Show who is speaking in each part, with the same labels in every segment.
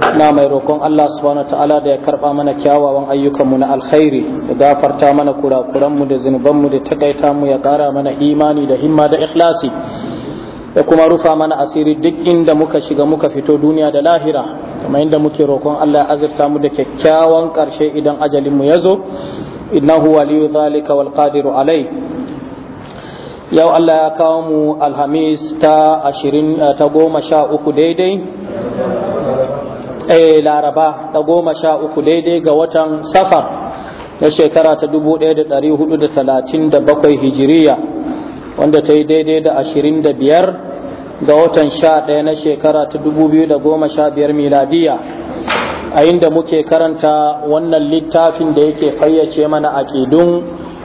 Speaker 1: na mai roƙon Allah subhanahu wa ta'ala da ya karɓa mana kyawawan ayyukanmu na alkhairi da gafarta mana kurakuranmu da zunubanmu da takaita mu ya kara mana imani da himma da ikhlasi da kuma rufa mana asiri duk inda muka shiga muka fito duniya da lahira kamar inda muke roƙon Allah ya azurta mu da kyakkyawan ƙarshe idan ajalinmu ya zo innahu waliyu zalika wal qadiru alai yau Allah ya kawo mu alhamis ta 20 ta goma sha uku daidai Eh, laraba da goma sha uku daidai ga watan safar na shekara ta dubu ɗaya da da da hudu talatin bakwai hijiriya wanda ta yi daidai da ashirin da biyar, ga watan sha ɗaya na shekara ta dubu biyu da goma sha biyar miladiya a inda muke karanta wannan littafin da yake fayyace mana aƙidun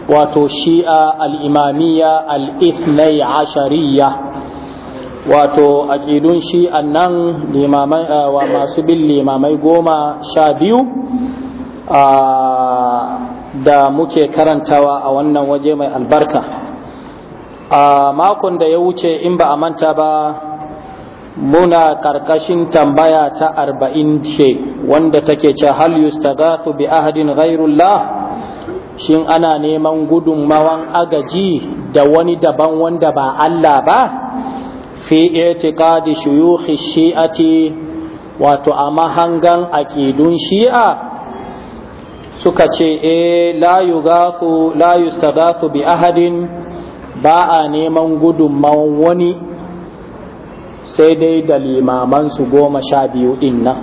Speaker 1: wato shi'a al al'ithnai ashariya wato aƙidun shi annan eh, wa masu bin limamai goma sha biyu ah, da muke karantawa a wannan waje mai albarka a ah, makon da ya wuce in ba a manta ba muna ƙarƙashin tambaya ta arba'in ce wanda take ce hal gafi bi ahadin ghairullah shin ana neman gudunmawan agaji da wani daban wanda ba Allah ba fi itiqadi shuyukhi shi'ati wato a mahangan aƙidun shi'a suka ce e la yughathu la yustagathu bi ahadin ba a neman gudunmawan wani sai dai da limaman su goma sha biyu din nan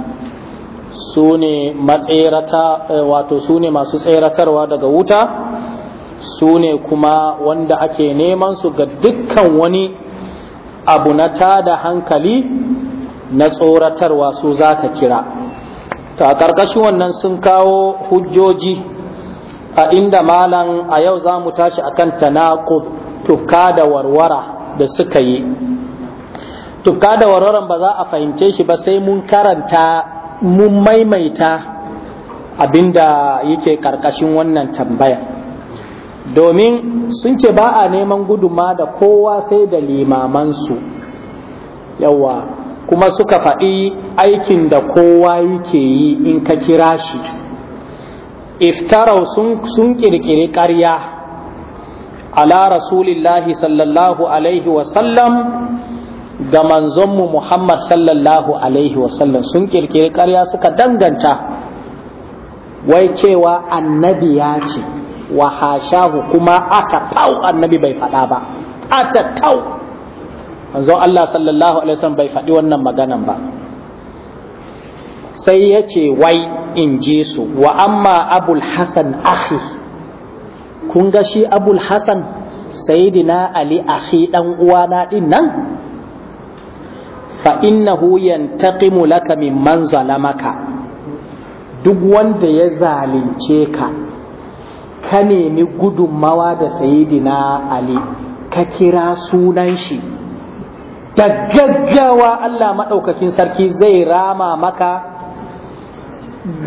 Speaker 1: su ne eh, wato su masu tseratarwa daga wuta sune kuma wanda ake neman su ga dukkan wani abu na tada hankali na tsoratarwa su za ka kira ta ƙarƙashin wannan sun kawo hujjoji a inda malan a yau za mu tashi akan kan tuka da warwara da suka yi tufka da warwaran ba za a fahimce shi ba sai mun karanta mun maimaita abinda yake ƙarƙashin wannan tambaya domin sun ce ba a neman guduma da kowa sai da limamansu yawa kuma suka faɗi aikin da kowa yake yi in ka kira shi iftarau sun ƙirƙiri ƙarya ala rasulillahi sallallahu alaihi wasallam ga manzonmu muhammad sallallahu alaihi wasallam sun ƙirƙiri ƙarya suka danganta wai cewa annabi ya ce wa hashahu kuma aka tau annabi bai faɗa ba aka tau manzo Allah sallallahu alaihi wasallam bai faɗi wannan maganan ba sai ya ce wai in ji su wa amma abul hasan akhi kun ga shi abul hasan sayidina ali akhi dan uwana din nan fa innahu yantaqimu laka mimman zalamaka duk wanda ya zalunce ka ka nemi gudunmawa da sayidina ali ka kira sunan shi da gaggawa Allah maɗaukakin sarki zai rama maka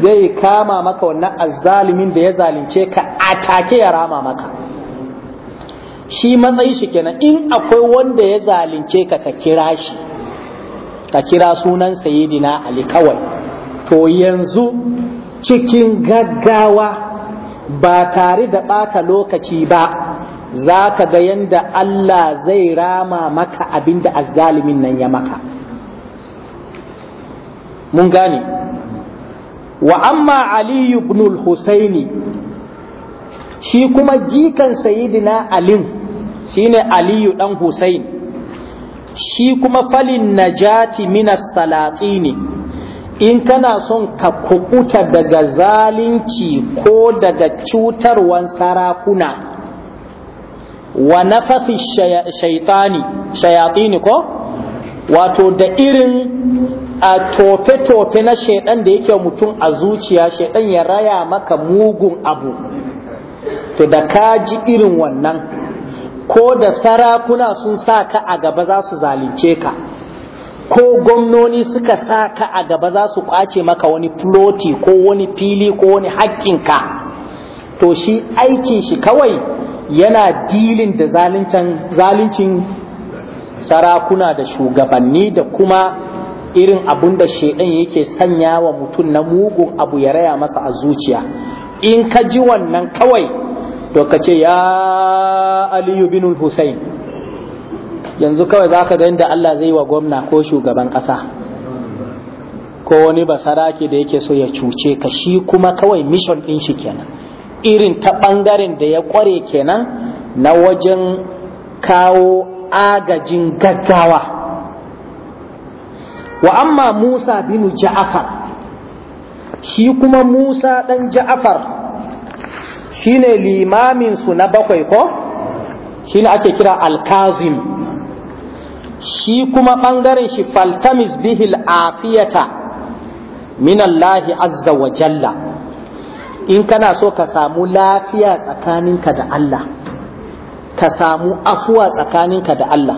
Speaker 1: zai kama maka wannan azzalimin da ya zalunce ka a take ya rama maka shi matsayi shi kenan in akwai wanda ya zalunce ka ka kira shi ka kira sunan sayidina ali kawai to yanzu cikin gaggawa ba tare da ɓata lokaci ba za ka ga yanda Allah zai rama maka abinda azzalimin nan ya maka mun gane wa amma Ali ibn al-Husaini shi kuma jikan sayidina Ali shine Aliyu dan Husain shi kuma falin najati minas salatini in kana son ka kukuta daga zalunci ko daga cutarwan sarakuna wa nafafi shayatini ko wato da irin a tofe-tofe na shaidan da yake mutum a zuciya shaidan ya raya maka mugun abu to da ka ji irin wannan ko da sarakuna sun sa ka a gaba za su zalunce ka ko gwamnoni suka sa ka a gaba za su kwace maka wani floti ko wani fili ko wani hakkinka to shi aikin shi kawai yana dilin da zaluncin sarakuna da shugabanni da kuma irin abun da shaidan yake sanya wa mutum na mugun abu ya raya masa a zuciya in ka ji wannan kawai to ka ce ya aliyu bin Husain. yanzu kawai za ka ga inda Allah zai wa gwamna ko shugaban ƙasa ko wani basarake da yake so ya cuce ka shi kuma kawai mission ɗin shi kenan irin ta ɓangaren da ya ƙware kenan na wajen kawo agajin gaggawa wa amma musa binu ja'afar shi kuma musa ɗan ja'afar shine su na bakwai ko shine ake kira alkazim shi kuma ɓangaren shi faltamis bihil afiyata min Allah azza wa jalla in kana so ka samu lafiya tsakaninka da Allah ka samu afuwa tsakaninka da Allah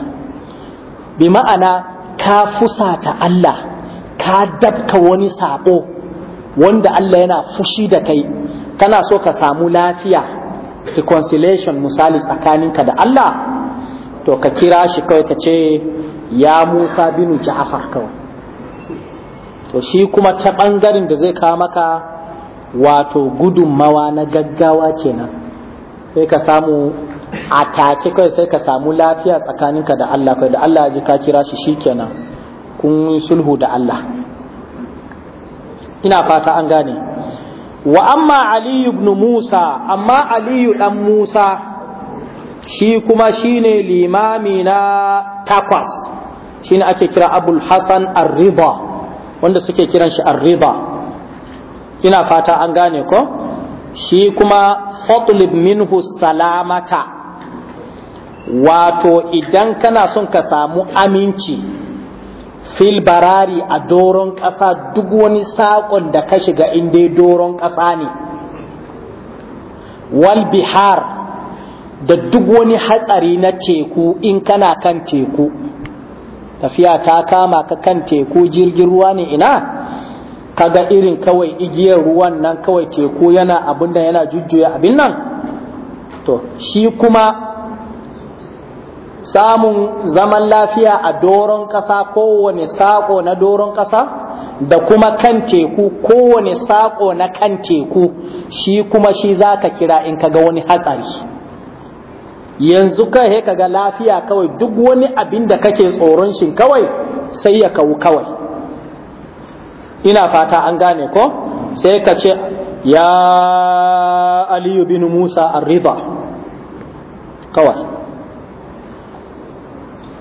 Speaker 1: bi ma'ana ka fusata Allah ka dabka wani sabo wanda Allah yana fushi da kai kana so ka samu lafiya reconciliation misali tsakaninka da Allah to ka kira shi kawai ka ce ya musa binu ja'afar kawai to shi kuma ta ɓangaren da zai kawo maka wato gudunmawa na gaggawa kenan sai ka samu a take kai sai ka samu lafiya tsakaninka da Allah kai da Allah ji ka kira shi shikenan kun sulhu da Allah ina fata an gane wa amma ali ibn Musa amma Aliyu dan Musa shi kuma shine limami na takwas shine ake kira abul hassan arriba wanda suke kiran shi arriba ina fata an gane ko shi kuma fatlib minhu salamata wato idan kana son ka samu aminci fil barari a doron ƙasa duk wani saƙon da ka shiga inda doron ƙasa ne wal bihar da duk wani hatsari na teku in kana kan teku tafiya ta kama ka kan teku jirgin ruwa ne ina kaga irin kawai igiyar ruwan nan kawai teku yana abin yana jujjuya abin nan to shi kuma samun zaman lafiya a doron ƙasa kowane saƙo na doron ƙasa da kuma kan teku kowane saƙo na kan teku shi kuma shi za ka kira in kaga wani hatsari yanzu kai he kaga lafiya kawai duk wani abin da kake tsoron shi kawai sai ya kawu kawai ina fata an gane ko sai ka ce ya aliyu bin musa arriba kawai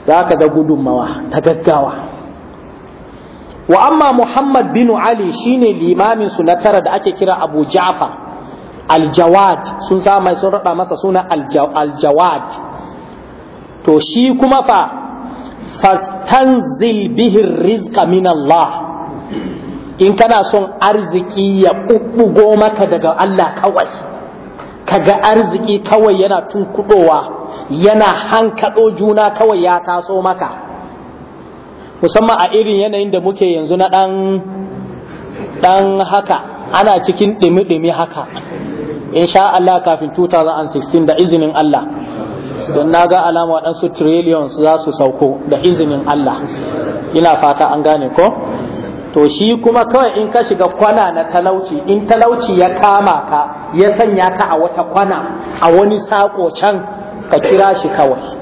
Speaker 1: za ka ga gudunmawa ta gaggawa wa amma muhammad bin ali shine limamin su na tara da ake kira abu ja'far aljawad sun sa mai sun rada masa suna aljawad to shi kuma fa fastanzil bihi rizqa min Allah in kana son arziki ya ɓuɓɓugo maka daga Allah kawai kaga arziki kawai yana tunkuɗowa yana hankado juna kawai ya taso maka musamman a irin yanayin da muke yanzu na ɗan haka ana cikin ɗimi-ɗimi haka In sha Allah kafin 2016 da izinin Allah don na ga alama waɗansu trillions za su sauko da izinin Allah ina fata an gane ko to shi kuma kawai in ka shiga kwana na talauci in talauci ya kama ka ya sanya ka a wata kwana a wani sako can
Speaker 2: ka kira shi kawai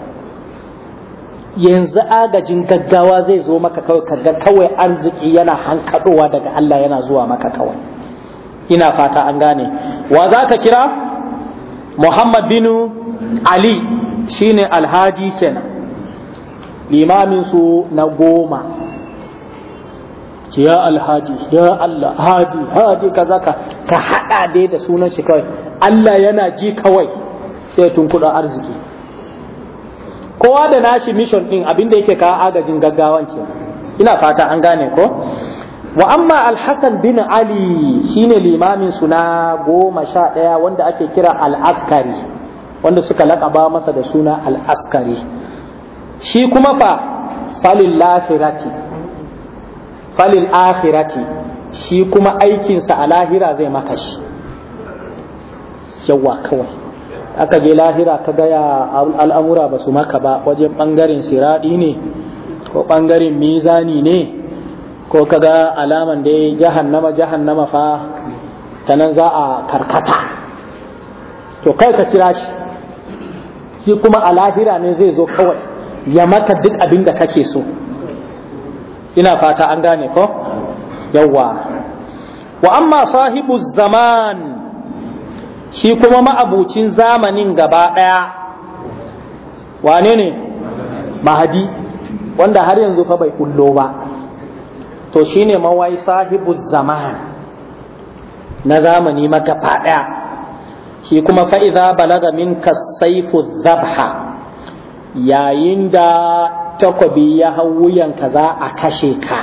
Speaker 1: yanzu agajin gaggawa zai zo maka kawai kaga kawai arziki yana hankadowa daga Allah yana zuwa maka kawai ina fata an gane wa za ka kira muhammad Bin ali shine alhaji kenan limamin su na goma ya alhaji ya allah haji haji ka ka ka hada dai da sunan shi kawai allah yana ji kawai sai tun kuɗa arziki kowa da nashi mission ɗin abinda yake kawo agajin gaggawan ina fata an gane ko wa amma alhassan bin ali shine limamin suna na goma sha ɗaya wanda ake kira al'askari wanda suka laƙaba masa da suna al'askari shi kuma fa falil lafirati falil akhirati shi kuma aikinsa a lahira zai maka shi yawa kawai aka je lahira ka gaya al'amura ba su maka ba wajen ɓangaren siraɗi ne ko ɓangaren mizani ne ko kaga alaman da jahannama jahannama fa ta nan za a karkata to kai ka kira shi shi kuma a lahira ne zai zo kawai ya maka duk abin da kake so ina fata an gane ko yawwa wa amma sahibu zaman shi kuma ma'abucin zamanin gaba ɗaya wane ne mahadi wanda har yanzu fa bai kullo ba to shine mawai sahibu zaman na zamani maka faɗa shi kuma fa'iza balaga minka saifu zabha yayin da takobi ya hau wuyanka za a kashe ka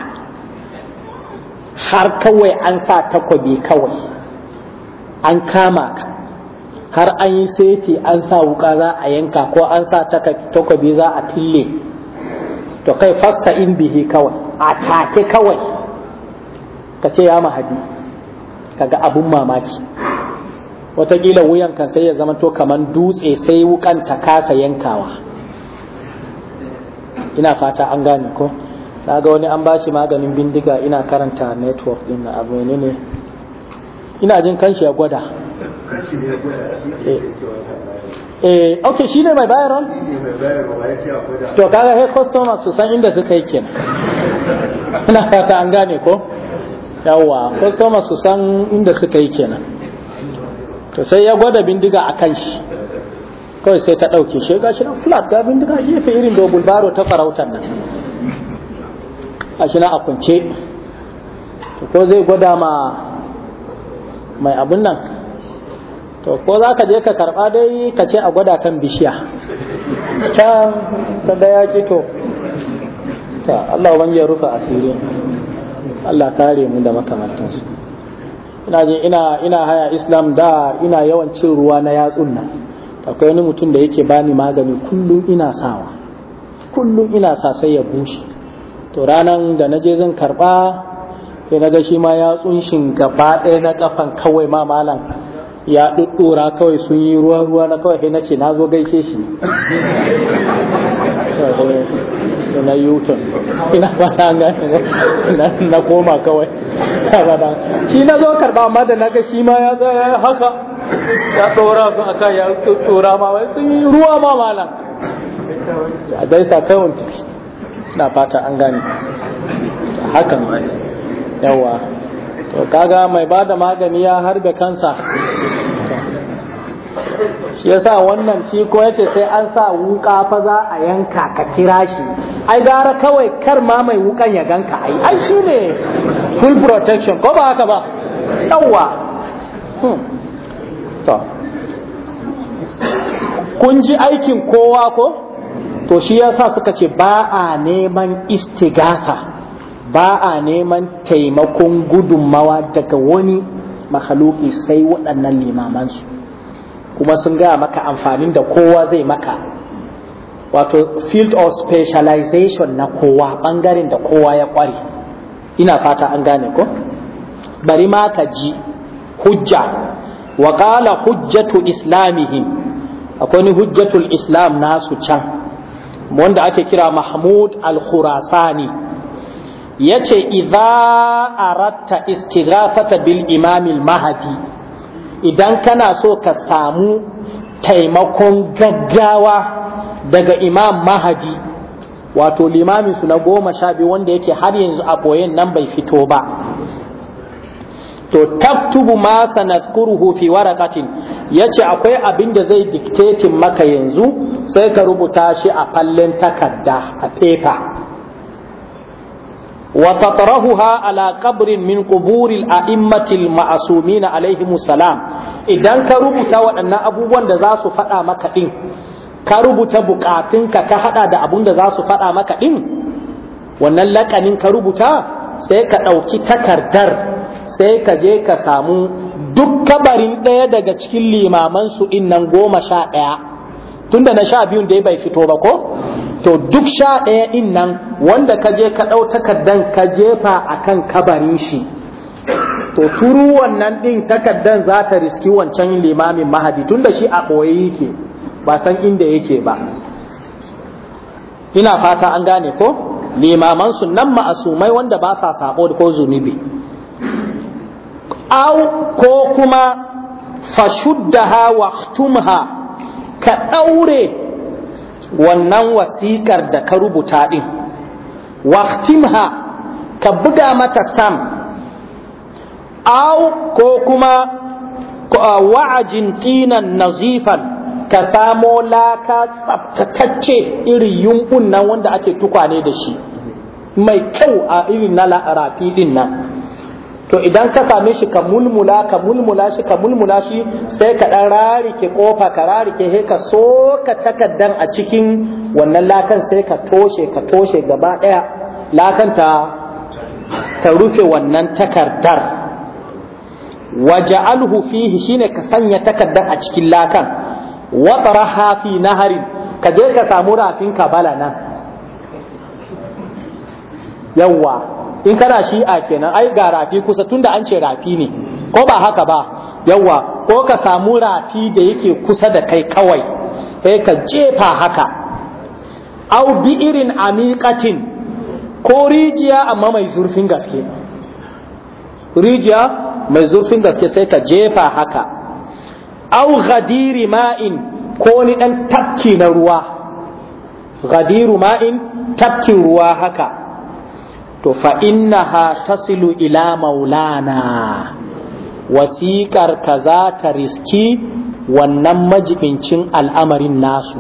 Speaker 1: har kawai an sa takobi kawai an kama ka har an yi seti an sa wuka za a yanka ko an sa takobi za a fille to kai fasta in bihi kawai a take kawai ka ce ya mahadi kaga abun mamaki watakila wuyan kan sai ya zama to kaman dutse sai wukan ta kasa yankawa ina fata an gane ko ga wani an bashi maganin bindiga ina karanta network din na abu ne ne ina jin kanshi ya gwada eh. eh ok shi ne mai bayarwa to kaga he customers su san inda suka yi kenan ina fata an gane ko yawwa kwastoma su san inda suka yi kenan to sai ya gwada bindiga a kan shi kawai sai ta ɗauke shi ga shi nan flat ga bindiga gefe irin dogon baro ta farautar nan a shi na a kunce to ko zai gwada ma mai abun nan to ko za ka je ka karɓa dai ka ce a gwada kan bishiya can ta daya ya to ta Allah ya rufa asiri Allah kare mu da makamantansu ina je ina ina haya islam da ina yawan cin ruwa na yatsun nan akwai wani mutum da yake bani magani kullum ina sawa kullum ina sa sai ya bushe to ranan da naje zan karba sai naga shi ma yatsun shin gaba ɗaya na kafan kawai ma malam ya ɗuɗɗura kawai sun yi ruwa ruwa na kawai sai na na zo gaishe shi na yuton ina na gane na koma kawai shi na zo karba amma da naga shi ma ya tsaya haka ya tsora su kan ya tsora ma wai sun yi ruwa ma
Speaker 2: malam a dai sa kawai
Speaker 1: tafi na fata an gane hakan yawa to kaga mai bada magani ya harbe kansa shi yasa wannan shi ko yace sai an sa wuka fa za a yanka ka kira shi ai gara kawai kar ma mai wukan ya ganka ai ai shi ne full protection ko ba haka ba yawa
Speaker 2: hmm. to
Speaker 1: kun ji aikin kowa ko to shi yasa suka ce ba a neman istigasa ba a neman taimakon gudunmawa daga wani makhaluki sai waɗannan limamansu kuma sun gaya maka amfanin da kowa zai maka wato field of specialization na kowa bangaren da kowa ya kware ina fata an gane ko bari ma ka ji hujja wa qala hujjatu islamihim akwai ni hujjatul islam nasu can wanda ake kira mahmud al-khurasani yace idza aratta istighafata bil imam al-mahdi idan kana so ka samu taimakon gaggawa daga imam mahadi wato limamin su na goma sha biyu wanda yake har yanzu a boyen nan bai fito ba to taktubu ma sanadkuruhu fi waraqatin yace akwai abin da zai diktetin maka yanzu sai ka rubuta shi a fallen takarda a paper wa tatrahuha ala qabrin min quburil a'immatil ma'sumin alaihimus salam idan ka rubuta waɗannan abubuwan da za su faɗa maka din ka rubuta bukatunka ka hada da abun da za su faɗa maka ɗin wannan lakanin ka rubuta sai ka ɗauki takardar sai ka je ka samu duk kabarin ɗaya daga cikin limaman su nan goma sha ɗaya tunda na sha biyun dai bai fito ba ko to duk sha ɗaya innan nan wanda ka je ka ɗau takardan ka jefa akan kabarin shi to turu wannan ɗin takardan za ta riski wancan limamin mahadi tunda shi a ɓoye yake ba san inda yake ba ina fata an gane ko limaman su nan ma'asumai wanda ba sa sako ko zunubi au ko kuma fashuddaha waqtumha ka daure wannan wasikar da ka rubuta din waqtimha ka buga mata stam au ko kuma wa'ajin tinan nazifan ka samo laka tsaftatacce irin yumbun nan wanda ake tukwane da shi mai kyau a irin na rafi din nan to idan ka same shi ka mulmula ka mulmula shi ka mulmula shi sai ka dan rarike ƙofa ka rarike he ka soka takaddan a cikin wannan lakan sai ka toshe ka toshe gaba daya lakan ta ta rufe wannan takardar waja'alhu fihi shine ka sanya takaddan a cikin lakan watara hafi naharin ka je ka samu rafin ka bala nan yawwa in kana shi a kenan ai ga rafi kusa tunda an ce rafi ne ko ba haka ba yawwa ko ka samu rafi da yake kusa da kai kawai sai ka jefa haka au bi irin amiqatin ko rijiya amma mai zurfin gaske rijiya mai zurfin gaske sai ka jefa haka au ghadiri ma'in ko wani ɗan tafki na ruwa ghadiru ma'in tafkin ruwa haka to fa'inna ha tasilu ila maulana wasiƙar ka za ta riski wannan majibincin al'amarin nasu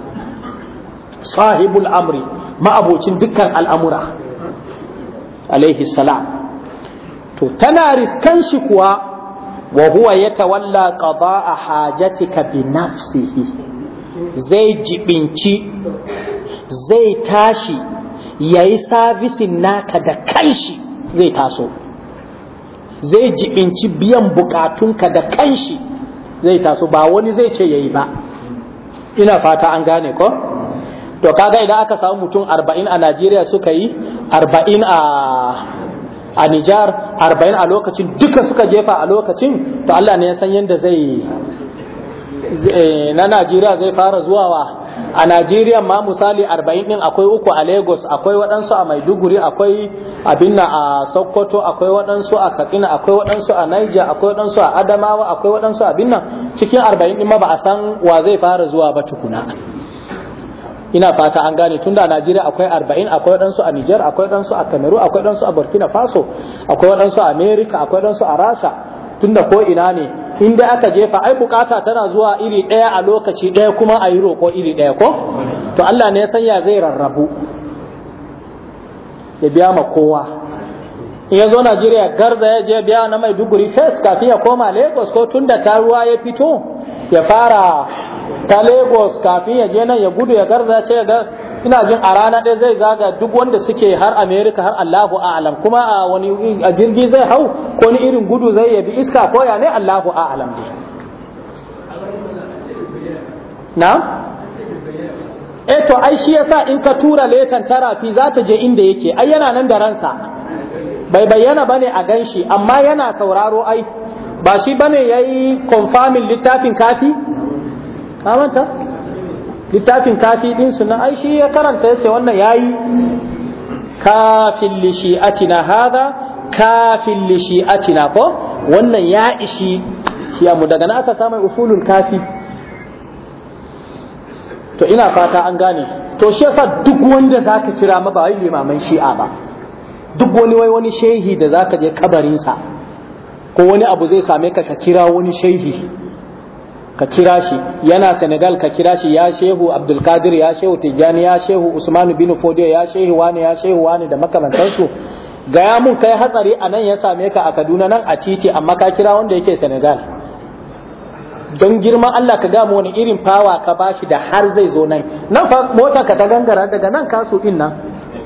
Speaker 1: sahibul amri ma'abocin dukkan al'amura alaihi salam to tana riskan shi kuwa wa huwa yatawalla qada'a hajatika bi nafsihi zai jibinci zai tashi yayi sabisin naka da kanshi zai taso zai jibinci biyan bukatunka da kanshi zai taso ba wani zai ce yayi ba ina fata an gane ko to kaga idan aka samu mutum 40 a Najeriya suka yi 40 a a Nijar arba'in a lokacin duka suka jefa a lokacin to Allah ne ya san yadda zai eh, na Najeriya zai fara zuwa a Najeriya ma misali arba'in din akwai uku a Lagos akwai waɗansu a Maiduguri akwai abin na a Sokoto akwai waɗansu a Katsina akwai waɗansu a Niger akwai waɗansu a Adamawa akwai waɗansu a Binna cikin arba'in din ma ba a san wa zai fara zuwa ba tukuna ina fata an gane tunda a Najeriya akwai 40 akwai waɗansu a Niger akwai waɗansu a Cameroon akwai waɗansu a Burkina Faso akwai waɗansu a America akwai waɗansu a Rasha tunda ko ina ne inda aka jefa ai bukata tana zuwa iri ɗaya a lokaci ɗaya kuma a yi roƙo iri ɗaya ko to Allah ne ya sanya zai rarrabu ya biya ma kowa in ya zo Najeriya garza ya je biya na mai duguri fes kafin ya koma Lagos ko tunda ta ruwa ya fito ya fara ta lagos kafin ya je nan ya gudu ya garza ce ga ina jin a rana ɗaya zai zaga duk wanda suke har america har allahu a'alam kuma a wani a jirgi zai hau ko ni irin gudu zai yabi iska ko ya ne allahu a'alam na
Speaker 2: eh to ai shi yasa
Speaker 1: in ka tura letan tarafi za ta je inda yake ai yana nan da ransa bai bayyana bane a ganshi amma yana sauraro ai ba shi bane yayi confirming littafin kafi ka littafin kafi din su na aishi ya karanta yace wannan yayi kafin li shi'atina hada kafin li shi'atina ko wannan ya ishi shi mu daga na aka samu usulul kafi to ina fata an gane to shi yasa duk wanda zaka kira ma ba wai limaman shi'a ba duk wani wai wani shehi da zaka je kabarinsa ko wani abu zai same ka ka kira wani shehi ka kira shi yana senegal ka kira shi ya shehu abdulkadir ya shehu tijjani ya shehu usmanu bin fodiyo ya shehu wani ya shehu wani da makamantansu gaya mun kai hatsari a nan ya same ka a kaduna nan a titi amma ka kira wanda yake senegal don girma, allah ka mu wani irin fawa ka bashi da har zai zo nan nan fa motar ka ta gangara daga nan kasu din nan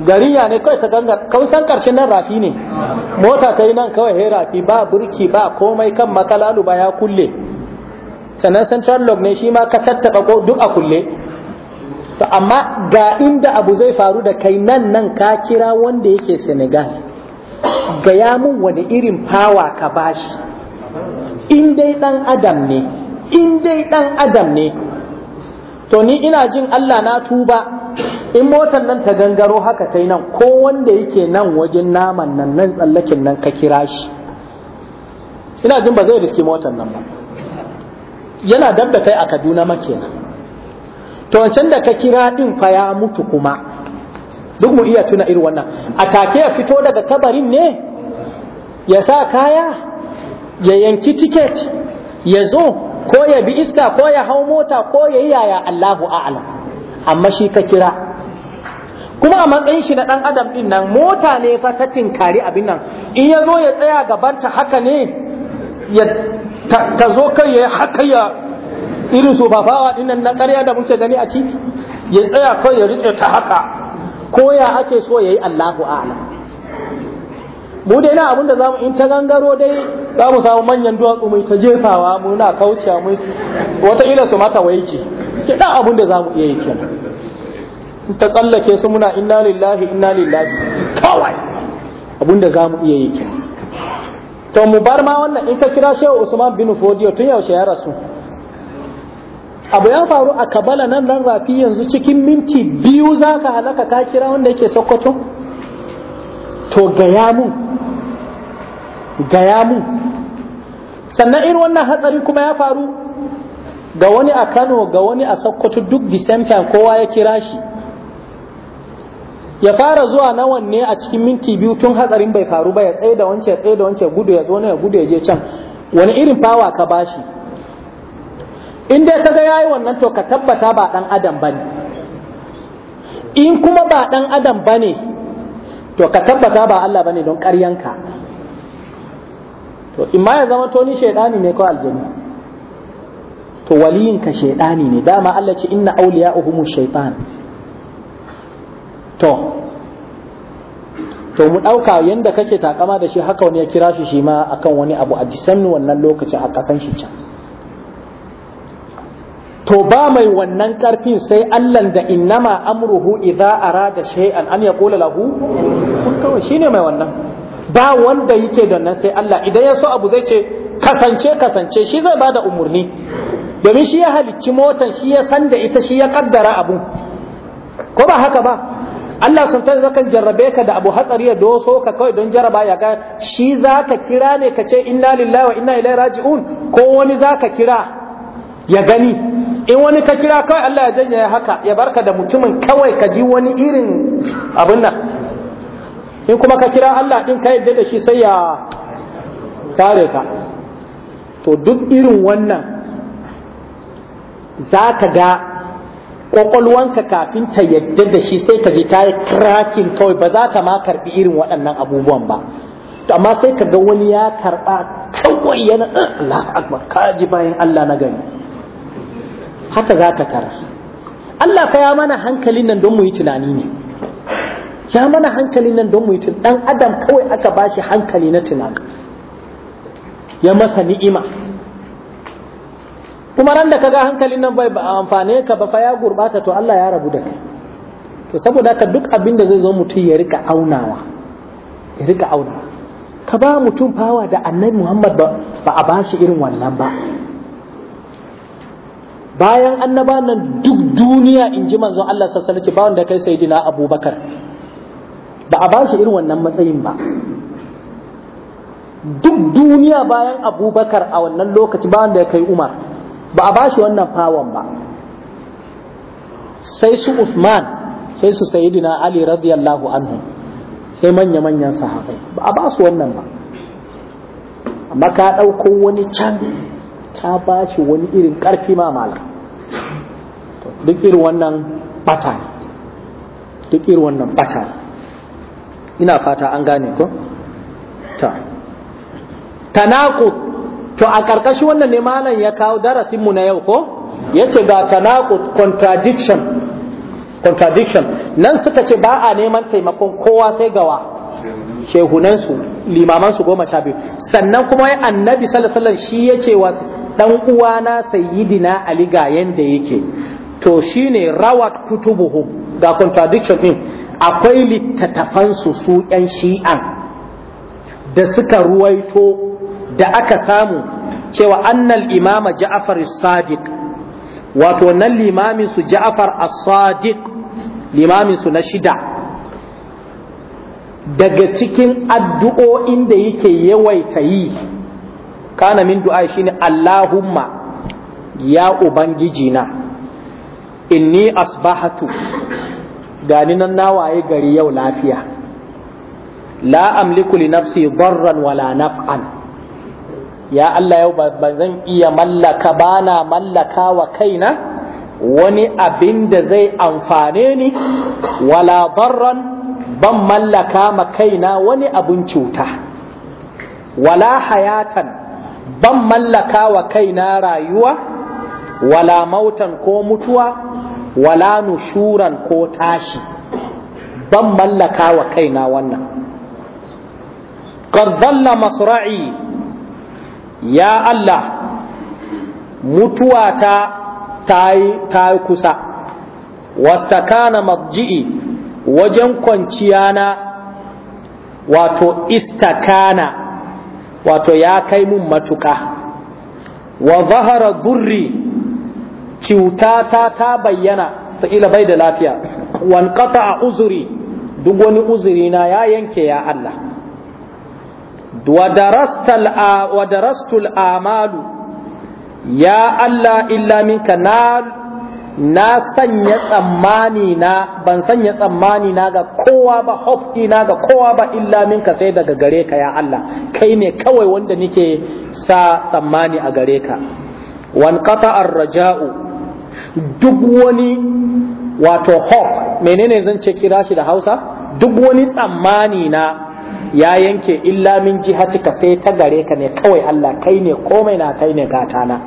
Speaker 1: gariya ne kawai ta gangar kausan karshen nan rafi ne mota ta yi nan kawai he rafi ba burki ba komai kan makalalu ba ya kulle sannan central Log ne shi ma ka tattaɓa ko duk a kulle to amma ga inda abu zai faru da kai nan nan ka kira wanda yake senegal ga ya mun wani irin fawa ka bashi in dai dan adam ne in dai dan adam ne to ni ina jin allah na tuba in motar nan ta gangaro haka ta yi nan ko wanda yake nan wajen naman nan nan tsallakin nan ka kira shi ina jin ba zai riske motar nan ba yana dab kai a kaduna makenan to wancan da ka kira din fa ya mutu kuma duk mu iya tuna irin wannan a take ya fito daga kabarin ne ya sa kaya ya yanki tiket ya zo ko ya bi iska ko ya hau mota ko ya yi yaya Allahu a'ala. amma shi ka kira kuma a matsayin shi na ɗan adam ɗin nan mota ne fa ta tinkari abin nan in ya zo ya tsaya gabanta haka ne ya ta zo kai ya haka ya irin su fafawa dinnan na ƙarya da muke gani a titi ya tsaya kai ya rike ta haka ko ya ake so ya yi Allahu a'ala mu dai na abinda zamu in ta gangaro dai za mu samu manyan duwatsu mai ta jefawa muna kauciya mu wata ila su mata ce. ke da abinda zamu iya yi kenan ta tsallake su muna inna lillahi inna lillahi kawai abinda za mu iya yi kenan to mu bar ma wannan in ka kira shehu usman bin fodiyo tun yaushe ya rasu abu ya faru a kabala nan nan rafi yanzu cikin minti biyu za ka halaka ka kira wanda yake sokoto to gaya mu gaya mu sannan irin wannan hatsari kuma ya faru ga wani a kano ga wani a sokoto duk disemfiyan kowa ya kira shi ya fara zuwa na wanne a cikin minti biyu tun hatsarin bai faru ba ya tsaye da wance ya tsaye da wance gudu ya zo na ya gudu ya je can wani irin fawa ka bashi in dai kaga yayi wannan to ka tabbata ba dan adam bane in kuma ba dan adam bane to ka tabbata ba Allah bane don ƙaryanka to in ma ya zama to ni shaidani ne ko aljini to waliyinka shaidani ne dama Allah ce inna awliya'uhumu shaytan to to mu ɗauka yadda kake takama da shi haka wani ya kira shi shi ma akan wani abu a disanni wannan lokacin a ƙasan shi can to ba mai wannan ƙarfin sai allan da innama amruhu idza arada shay'an an yaqula lahu kun kawai shine mai wannan ba wanda yake da nan sai Allah idan ya so abu zai ce kasance kasance shi zai bada umurni domin shi ya halicci motan shi ya san da ita shi ya kaddara abu ko ba haka ba Allah sun ta zakan jarrabe ka da abu hatsari ya doso ka kawai don jarraba ya ga shi za ka kira ne ka ce inna lillahi wa inna ilaihi raji'un ko wani za ka kira ya gani in wani ka kira kawai Allah ya janye haka ya barka da mutumin kawai ka ji wani irin abin nan in kuma ka kira Allah din ka yadda da shi sai ya kare ka to duk irin wannan za ka ga kwakwalwanka kafin ta yadda da shi sai ka ji ta yi tracking kawai ba za ka ma karbi irin waɗannan abubuwan ba to amma sai ka ga wani ya karba kawai yana ah, Allah akbar ka ji bayan Allah na gani, haka za ka tara Allah fa ya mana hankalin nan don mu yi tunani ne ya mana hankalin nan don mu yi tunani dan adam kawai aka bashi hankali na tunani ya masa ni'ima kuma ran da kaga hankalin nan bai ba amfane ka ba fa ya gurbata to Allah ya rabu da kai to saboda ka duk abin da zai zo mutum ya rika aunawa ya rika aunawa ka ba mutum fawa da annabi Muhammad ba a bashi irin wannan ba bayan annaba nan duk duniya in ji manzon Allah sallallahu alaihi ba wanda kai sayyidina Abubakar ba a bashi irin wannan matsayin ba duk duniya bayan Abubakar a wannan lokaci ba wanda ya kai Umar ba a bashi wannan fawon ba sai su Usman sai su Sayyidina Ali radiyallahu anhu sai manya-manyan sahabai ba a basu wannan ba amma ka ɗauko wani can ka bashi wani irin ƙarfi ma duk irin wannan bata duk irin wannan bata ina fata an gane ko ta tanaqud to a ƙarƙashin wannan ne malam ya kawo darasin mu na yau ko yace ga tanaqud contradiction contradiction nan suka ce ba a neman taimakon kowa sai gawa shehunan su limaman su goma sha biyu sannan kuma ya annabi sallallahu alaihi wasallam shi yace wa dan uwana sayyidina ali ga yanda yake to shine rawat kutubuhu ga contradiction din akwai littattafansu su yan shi'an da suka ruwaito da aka samu cewa annal imama ja'afar sadiq wato nan limamin su ja'afar as-sadiq limamin su na shida daga cikin addu'o'in da yake yawaita yi kana min du'a shine Allahumma ya ubangiji na inni asbahatu gani nan na waye gari yau lafiya la amliku li nafsi darran wala naf'an ya Allah yau ba zan iya mallaka ba na mallaka wa kaina wani abin da zai amfane ni wala barran ban mallaka ma kaina wani abin cuta wala hayatan ban mallaka wa kaina rayuwa wala mautan ko mutuwa wala nushuran ko tashi ban mallaka wa kaina wannan قد zalla masra'i. ya Allah mutuwa ta ta kusa wastakana maji'i wajen kwanciyana wato istakana wato ya kai mun matuka wa zahara durri cutata ta bayyana ta ila bai da lafiya wan a uzuri duk wani uzuri na ya yanke ya Allah wa darastul amalu ya Allah illa minka na na sanya tsammani na ban sanya tsammani na ga kowa ba hofi na ga kowa ba illa minka sai daga gare ka ya Allah kai ne kawai wanda nike sa tsammani a gare ka wan qata raja'u duk wani wato hof menene zan ce kira shi da Hausa duk wani tsammani na ya yanke illa min jihatika sai ta gare ka ne kawai Allah kai ne komai na kai ne katana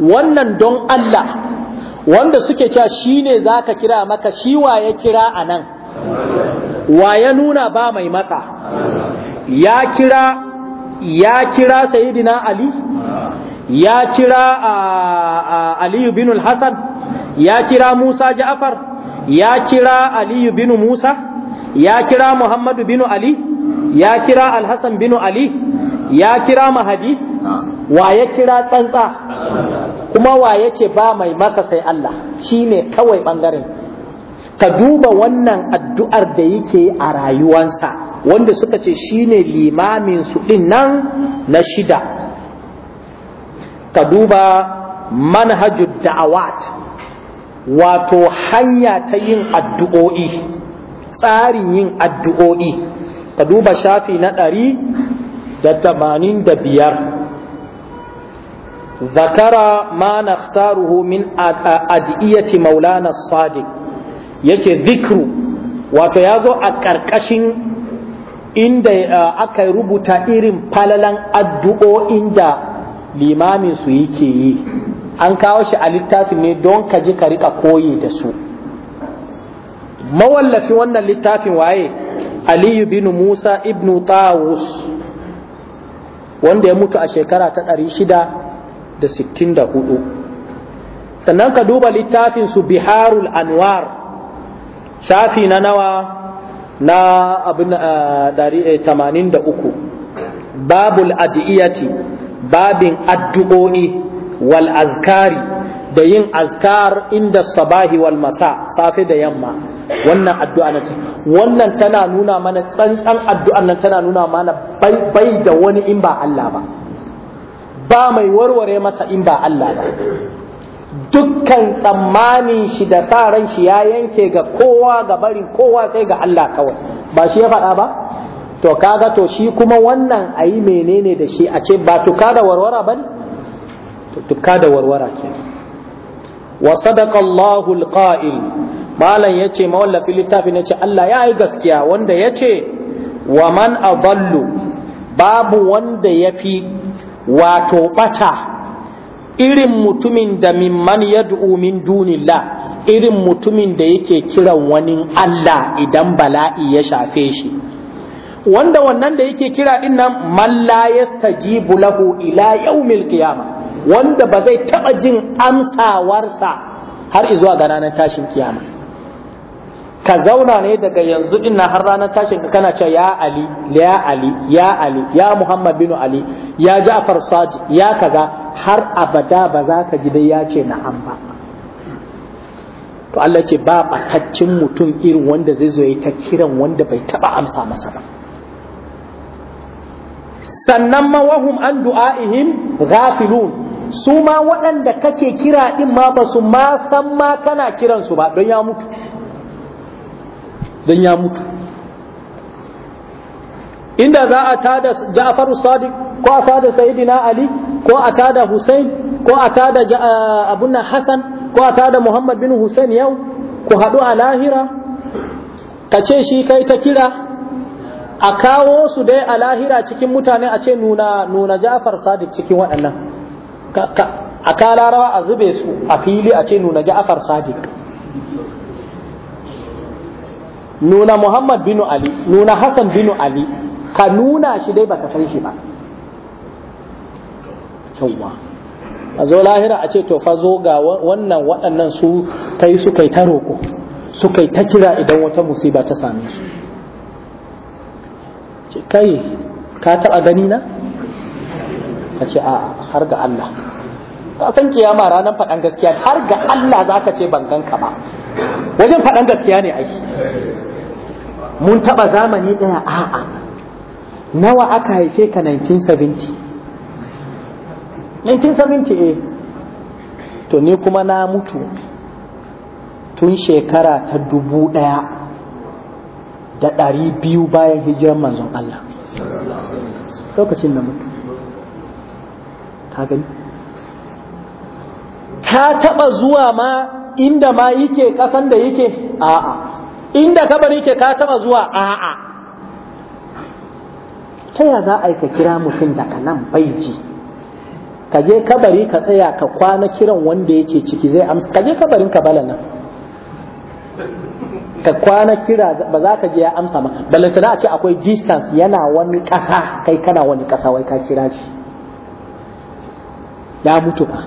Speaker 1: wannan don Allah wanda suke cewa shine zaka kira maka shi wa ya kira a nan wa ya nuna ba mai masa ya kira ya kira sayyidina ali ya kira aliyu bin hassan ya kira musa Jafar? ya kira aliyu bin musa ya kira Muhammadu binu Ali ya kira Alhassan binu Ali ya kira Mahadi wa ya kira tsantsa kuma wa ya ce ba mai masa sai Allah Shi ne kawai ɓangaren ka duba wannan addu'ar da yake a rayuwansa wanda suka ce shi ne limamin su din nan na shida ka duba manhajud da'awat wato hanya ta yin addu'o'i tsarin yin addu'o'i ka duba shafi na ɗari da tamanin da biyar zakara ma na min adiyati maulana sadiq yake zikru wato ya zo a ƙarƙashin inda aka rubuta irin falalan addu'o'in da limamin yake yi an kawo shi a littafin ne don ka ji ka riƙa koyi da su mawallafi wannan littafin waye aliyu bin musa ibnu tawus wanda ya mutu a shekara ta 664 sannan ka duba littafin su biharul anwar shafi na nawa na abin 83 eh, eh, babul adiyati babin addu'o'i wal azkari da yin azkar inda sabahi wal masa safe da yamma wannan addu'a na ce wannan tana nuna mana tsantsan addu'an nan tana nuna mana bai da wani in ba Allah ba ba mai warware masa in ba Allah ba dukkan tsammanin shi da sa ran shi ya yanke ga kowa ga bari kowa sai ga Allah kawai ba shi ya faɗa ba to kaga to shi kuma wannan ayi menene da shi a ce ba tuka da warwara ba ne tuka da warwara kenan wa sadaqa Allahu alqa'il malam yace mawallafi littafin ce Allah ya yi gaskiya wanda yace wa man adallu babu wanda yafi wato bata irin mutumin da mimman yad'u min dunillah irin mutumin da yake kiran wani Allah idan bala'i ya shafe shi wanda wannan da yake kira din nan man la yastajibu lahu ila yawmil qiyamah wanda ba zai taɓa jin amsawarsa har izuwa ga ranar tashin kiyama ka zauna ne daga yanzu din na har ranar tashin ka kana cewa ya ali ya ali ya ali ya muhammad bin ali ya ja'far saji ya kaza har abada ba za ka ji dai ya ce na'am ba to Allah ce ba bataccin mutum irin wanda zai zo ya ta kiran wanda bai taba amsa masa ba sannan ma wahum an du'a'ihim ghafilun su ma waɗanda kake kira ɗin ma ba su ma san ma kana kiransu ba don ya mutu don ya mutu inda za a tada Ja'far Sadiq ko a tada Sayyidina Ali ko a tada Husain, ko a tada Abunna Hassan ko a tada Muhammad bin Husain yau ku haɗu a lahira ka ce shi kai ta kira a kawo su dai a lahira cikin mutane a ce nuna nuna Ja'far Sadiq cikin waɗannan a kalarawa a zube su a fili a ce nuna ja'afar sadiq nuna muhammad bin ali nuna hassan bin ali ka nuna shi dai baka san shi ba cewa a zo lahira a ce to fa zo ga wannan waɗannan su ta yi suka yi ta roƙo suka yi ta kira idan wata musiba ta same su ce kai ka taɓa gani na ka ce a har ga Allah ka san kiyama ranar faɗan gaskiya har ga Allah za ka ce ban ganka ba wajen faɗan gaskiya ne ai mun taɓa zamani ɗaya a'a nawa aka haife ka 1970 1970 eh to ni kuma na mutu tun shekara ta dubu ɗaya da ɗari biyu bayan hijiran manzon Allah lokacin na mutu ka ka taba zuwa ma inda ma yake kasan da yake a'a inda bari yake ka taba zuwa a'a ta ya za a yi ka kira mutum daga nan baiji ka je kabari ka tsaya ka kwana kiran wanda yake ciki zai amsa ka je kabarin ka bala nan ka kwana kira ba za ka je ya amsa ma balantana a ce akwai distance yana wani ƙasa kai kana wani ƙasa wai ka kira shi ya mutu ba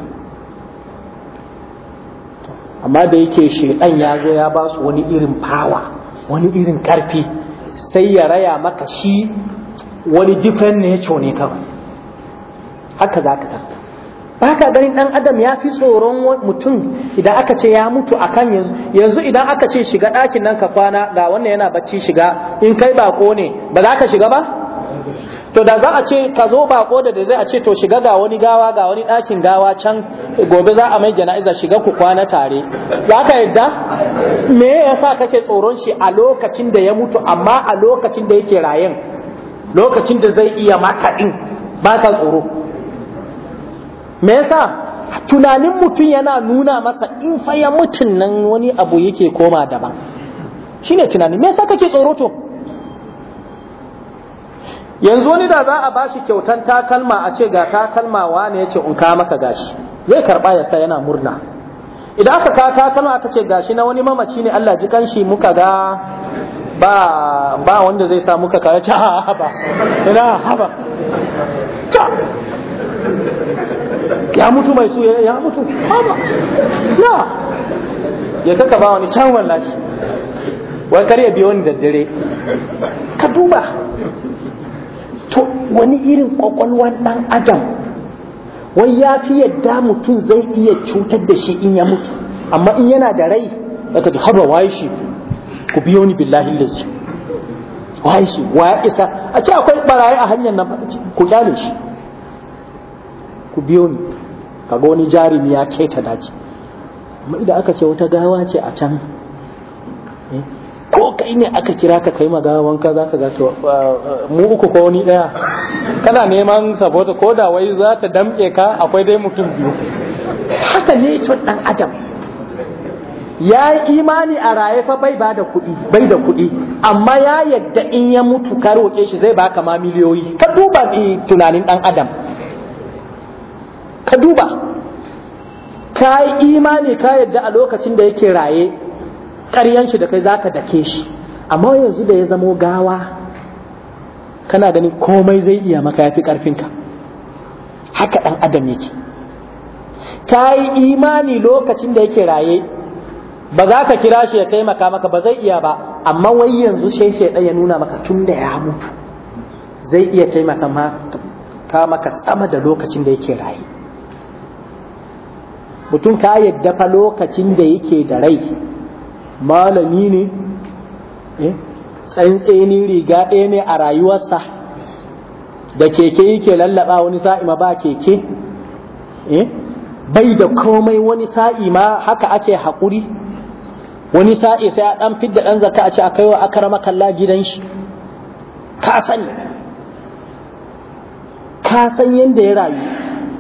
Speaker 1: amma da yake shaidan ya zo ya ba su wani irin fawa wani irin karfi sai ya raya maka shi wani different nature ne kawai haka za ka tafi ba ka ganin dan adam ya fi tsoron mutum idan aka ce ya mutu a kan yanzu idan aka ce shiga ɗakin nan ka kwana ga wannan yana bacci shiga in kai bako ne ba za ka shiga ba to da za a ce ka zo bako da zai a ce to shiga ga wani gawa ga wani ɗakin gawa can gobe za a mai jana'iza shiga ku kwana tare za ka yadda me yasa kake tsoron shi a lokacin da ya mutu amma a lokacin da yake rayen lokacin da zai iya maka din ba ka tsoro me yasa tunanin mutum yana nuna masa in fa ya mutun nan wani abu yake koma daban shine tunani me yasa kake tsoro to yanzu wani da za a bashi kyautan takalma a ce ga takalma wane ya ce in ka maka gashi zai karba ya sa yana murna idan aka ka takalma aka ce gashi na wani mamaci ne Allah ji kanshi muka ga ba ba wanda zai sa muka kaya ca ba. ina haba ca ya mutu mai su ya mutu
Speaker 2: haba ya
Speaker 1: ya kaka ba wani can wallahi wai kar ya biyo ni daddare ka duba to wani irin kwakwalwan dan adam wai ya fi yadda mutum zai iya cutar da shi in ya mutu amma in yana da rai aka ji haba waye shi ku biyo ni billahi lazi waye shi waye isa a ce akwai barayi a hanyar nan ku kyale shi ku biyo ni kaga wani jarumi ya keta daji amma idan aka ce wata gawa ce a can eh, ko kai ne aka kira ka kai magana wanka za ka gata uh, uh, mu uku ko wani daya kana neman sabota ko da wai za ta damke ka akwai dai mutum biyu haka ne cikin dan adam ya yi imani a raye fa bai ba da kuɗi bai da kuɗi amma ya yadda in ya mutu ka roƙe shi zai baka ma miliyoyi ka duba eh, tunanin dan adam ka duba ka yi imani ka yadda a lokacin da yake raye ƙaryan shi da kai zaka dake shi amma yanzu da ya zamo gawa kana gani komai zai iya maka yafi ƙarfinka haka ɗan adam yake ka yi imani lokacin da yake raye ba za ka kira shi ya taimaka maka ba zai iya ba amma wai yanzu shai-shai shaidan ya nuna maka tun da ya mutu zai iya taimaka maka maka sama da lokacin da yake raye mutum ka yadda fa lokacin da yake da rai malami ne eh, tsantseni riga ɗaya ne a rayuwarsa da keke yake lallaba wani sa'ima ba keke eh, bai da komai wani sa'i ma haka ake haƙuri wani sa'i sai a ɗan fidda ɗan zaka a ci a kaiwa aka rama kalla gidan shi ka sani san yadda ya rayu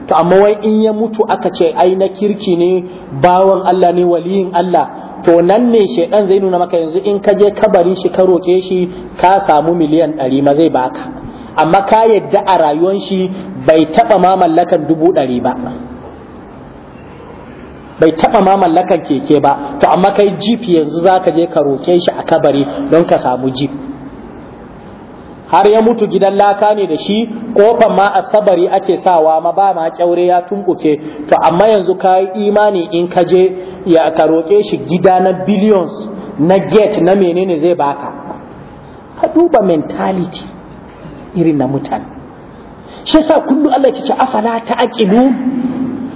Speaker 1: to amma wai in ya mutu aka ce ai na kirki ne bawan Allah ne waliyin Allah to nan ne shaidan zai nuna maka yanzu in ka je kabarin shi ka roke shi ka samu miliyan ɗari ma zai baka amma ka yadda a rayuwan shi bai taɓa ma mallakan dubu ɗari ba bai taɓa ma keke ba to amma kai jip yanzu za ka je ka roke shi a kabari don ka samu jip har ya mutu gidan laka ne da shi kofan ma a sabari ake sawa ma ba ma kyaure ya tumbuke to amma yanzu ka imani in ka je ya ka roƙe shi gida na billions na gate na menene zai baka ka duba mentality irin na mutane shi sa kullu Allah ke ce afala ta aqilu